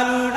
قالوا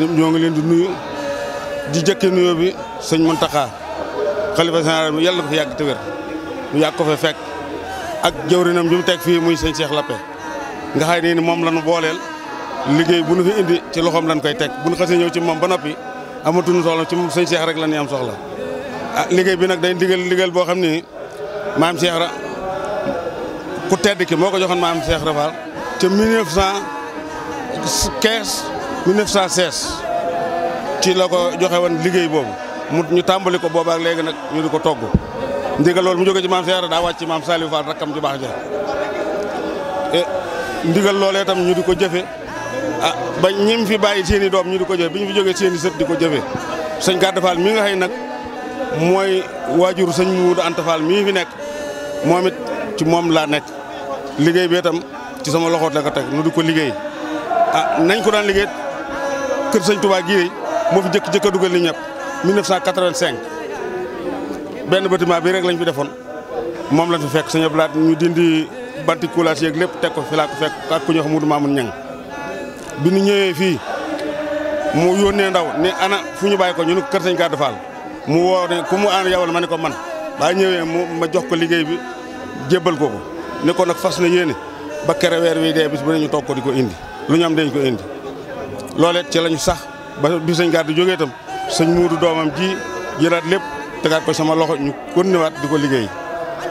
ñoo ngi leen di nuyu di jëkke nuyoo bi sëñ Mountakha xalifa général bi yàlla na ko fi yàgg te wér mu yàgg ko fa fekk ak jëwrinam bi mu teg fii muy sëñ Cheikh Lappé nga xam ne ni moom lañu booleel liggéey bu nu fi indi ci loxoom lañ koy teg bu nu xasee ñëw ci moom ba noppi amatuñu soxla ci moom sëñ Cheikh rek la ñuy am soxla ah liggéey bi nag day ndigal ndigal boo xam ni maam Cheikh ra ku tedd ki moo ko joxoon maam Cheikh Rafal ca 1915 1916 ci la ko joxe woon liggéey boobu mu ñu tàmbali ko boobaak léegi nag ñu di ko togg ndigal loolu mu jóge ci maam Cheikh daa wàcc ci maam Saliou Fall rakkam ju baax ja eh, ndigal loolee itam ñu di ko jëfe a ah, ba ñim fi bàyyi seen i doom ñu di ko jëfe bi ñu fi jógee seen i di ko jëfe sëñ Gàdd Fall mi nga xëy nag mooy waajur sëñ Muudu Anta Fall mii fi nekk moom it ci moom laa nekk liggéey bi tam ci sama loxoot la ko teg nu di ko liggéey ah nañ ko daan liggéey kër sëñ Touba gii moo fi jëkk jëkk a dugal nit ñëpp 1985 benn bâtiment bi rek lañ fi defoon moom lañ fi fekk sëñ Abdou ñu dindi banti coulage yeeg lépp teg ko fi laa ku fekk ak ku ñuy mu Moudou Mamoun Niang bi ñu ñëwee fii mu yónnee ndaw ne ana fu ñu bàyyi ko ñu ne kër sëñ Gade Fall mu woo ne ku mu aan yawal ma ne ko man baa ñëwee mu ma jox ko liggéey bi jébbal ko ko ne ko nag fas na yéene ba kere weer wi dee bis bu ne ñu toog di ko indi lu ñu am dañ indi. loolee ci lañu sax ba bi sëñ du jógee itam sëñ muudu doomam ji jëlaat lépp tegaat ko sama loxo ñu continuewaat di ko liggéey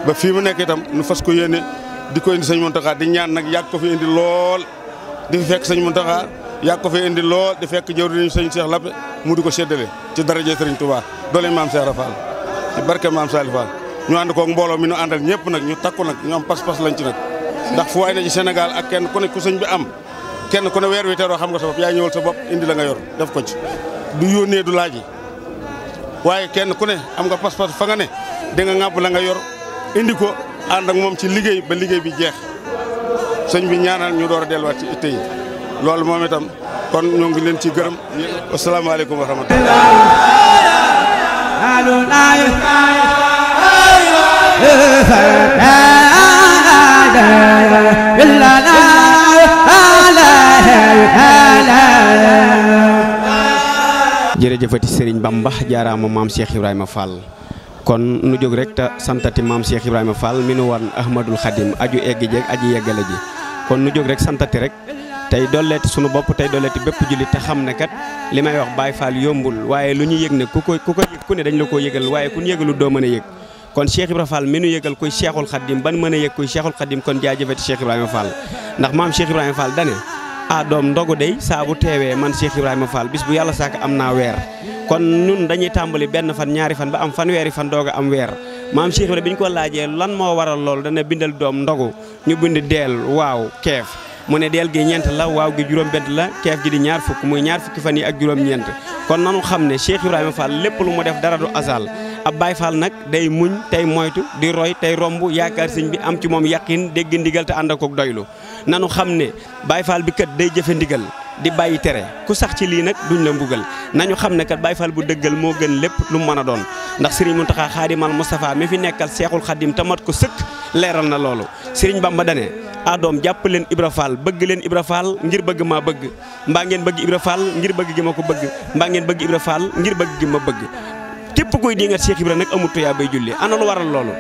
ba fii mu nekk itam nu fas ko yéene di ko indi sëñ Muntaxa di ñaan nag yàgg ko fi indi lool di fi fekk sëñ Muntaxa yàgg ko fi indi lool di fekk jëwriñu sëñ seex Lappe mu di ko séddale ci daraje sëriñ Touba doole maam Seera Fall ci barke maam Sali Fall ñu ànd koog mbooloo mi ñu àndal ñëpp nag ñu takku nag ñu am pas-pas lañ ci nag ndax fu waay na ci Sénégal ak kenn ku ne ku sëñ bi am kenn ku ne weer wi teroo xam nga sa bopp yaa ñëwal sa bopp la nga yor def ko ci du yónnee du laaj yi waaye kenn ku ne xam nga pas-pas fa nga ne di nga la nga yor indi ko ànd moom ci liggéey ba liggéey bi jeex sëñ bi ñaanal ñu door a delluwaat ci itte loolu moom itam kon ñoo ngi ci gërëm asalaamaaleykum wa rahmatulah. jërëjëfati Serigne Bamba jaaraama maam seex Ibrahima Fall kon nu jóg rek te santati maam Cheikh Ibrahima Fall mi nu wan Ahmadul Xadim aju egg jeeg aji yeggale ji kon nu jóg rek santati rek tey dolleeti sunu bopp tey dolleeti bépp jullit te xam ne kat li may wax baay Fall yombul waaye lu ñu yëg ne ku ko ku ko yëg ku ne dañ la koo yëgal waaye ku ñu yëgalul doo mën a yëg kon Cheikh Ibrahima Fall mi nu yëgal kuy Cheikhul Xadim ban mën a yëg kuy Cheikhul kon jaajëfati Cheikh Ibrahima ndax maam Cheikh ah doom ndogu day saa teewee man Cheikh Ibrahima Fall bis bu yàlla sàkk am naa weer kon ñun dañuy tàmbali benn fan ñaari fan ba am fan weeri fan doog am weer maam Cheikh Ibrahima bi ñu ko laajee lan moo waral loolu dana bindal doom ndogu ñu bind deel waaw keef mu ne deel gi ñeent la waaw gi juróom-bent la keef gi di ñaar fukk muy ñaar fukki fan yi ak juróom-ñeent kon nanu xam ne Cheikh Ibrahima Fall lépp lu mu def dara du asal ab Baay Fall nag day muñ tey moytu di roy tey romb yaakaar sëñ bi am ci moom yaqin dégg ndigal te ànd ak doylu nanu xam ne Baye Fall bi kat day jëfe ndigal di bàyyi tere ku sax ci lii nag duñ la mbugal nañu xam ne kat Baye Fall bu dëggal moo gën lépp lu mu mën a doon ndax Serigne Mountakha Khadimal Moustapha mi fi nekkal Seexul te mat ko sëkk leeral na loolu Serigne Bamba dane adoom jàpp leen Ibra Fall bëgg leen Ibra Fall ngir bëgg maa bëgg mbaa ngeen bëgg Ibra Fall ngir bëgg gi ma ko bëgg mbaa ngeen bëgg Ibra Fall ngir bëgg gi ma bëgg képp koy di nga Cheikh nag amut tuyaa bay julli ana lu waral loolu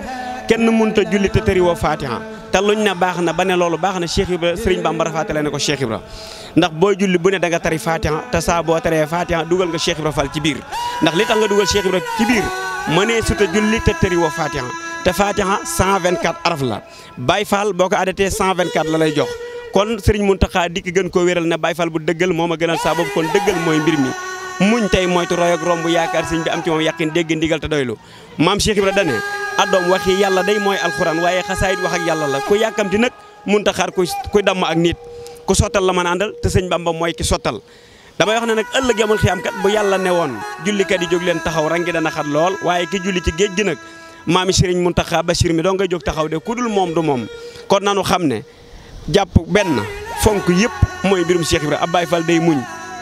kenn mënut a julli te tëriwoo Fatiha te luñ ne baax na ba ne loolu baax na Cheikh Ibra Sëriñ Bamba rafaatale ne ko Cheikh Ibra ndax booy julli bu ne da nga tari Fatiha te saaboo boo taree Fatiha dugal nga Cheikh Ibra ci biir ndax li tax nga dugal Cheikh Ibra ci biir mënee suta julli te tëri woo Fatiha te Fatiha 124 araf la Baye Fall boo ko adatee 124 la lay jox kon Serigne Mountakha dikk gën koo wéral ne baay Fall bu dëggal moo ma gënal saa boobu kon dëggal mooy mbir mi muñ tey moytu roy yaakaar sëriñ bi am ci moom yàqin dégg ndigal te doylu maam Cheikh Ibra addoom waxi yàlla day mooy alxuraan waaye xasaayit wax ak yàlla la ku yàkkamti nag mun xaar ku kuy damm ak nit ku sottal la mën a àndal te sëñ Bamba mooy ki sottal damay wax ne nag ëllëg yamul xiyam kat bu yàlla ne woon jullikat yi jóg leen taxaw rangi dana xat lool waaye ki julli ci géej gi nag maami Serigne Mountakha Bachir mi doo ngay jóg taxaw de ku dul moom du moom kon nanu xam ne jàpp benn fonk yëpp mooy mbirum Cheikh Ibra ab Baye day muñ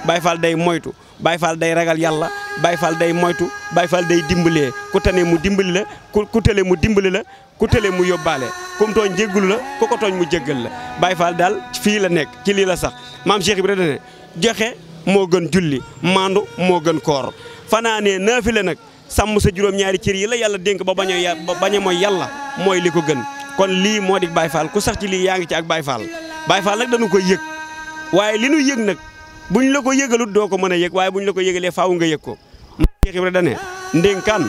Baye day moytu Baye Fall day ragal yàlla Baye Fall day moytu Baye Fall day dimbalee ku tane mu dimbali la ku ku tële mu dimbali la ku tële mu yóbbaale ku mu tooñ jéggul la ku ko tooñ mu jéggal la Baye Fall daal fii la nekk ci lii la sax maam Cheikh Ibrahima ne joxe moo gën julli maandu moo gën koor fanaanee naafi la nag sàmm sa juróom-ñaari cër yi la yàlla dénk ba bañ a bañ a mooy yàlla mooy li ko gën kon lii moo di Baye Fall ku sax ci lii yaa ngi ci ak Baye Fall Baye Fall bu ñu la ko yëgalut doo ko mën a yëg waaye bu buñ la ko yëgalee faaw nga yëg ko Cheikh Ibra dane ndénkaan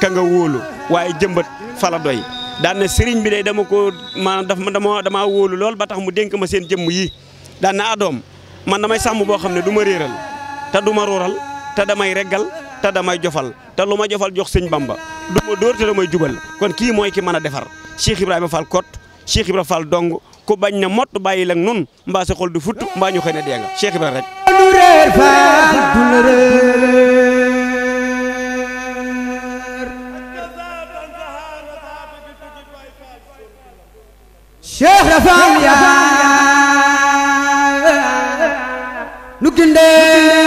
ka nga wóolu waaye jëmbat fala doy daan na sëriñ bi day dama ko maanaam daf ma dama damaa wóolu lool ba tax mu dénk ma seen jëmm yi daan na adoom ah, man damay sàmm boo xam ne du ma réeral te du ma ruural te damay reggal te damay jofal te lu ma jofal jox sëñ Bamba du ma dóor te damay jubal kon kii mooy ki mën a defar Cheikh Ibrahima Fall Kott Cheikh Ibrahima Fall dong ku bañ na mott bàyyi la nun mbaa sa xol du futt mbaa ñu xëy na dee nu gindee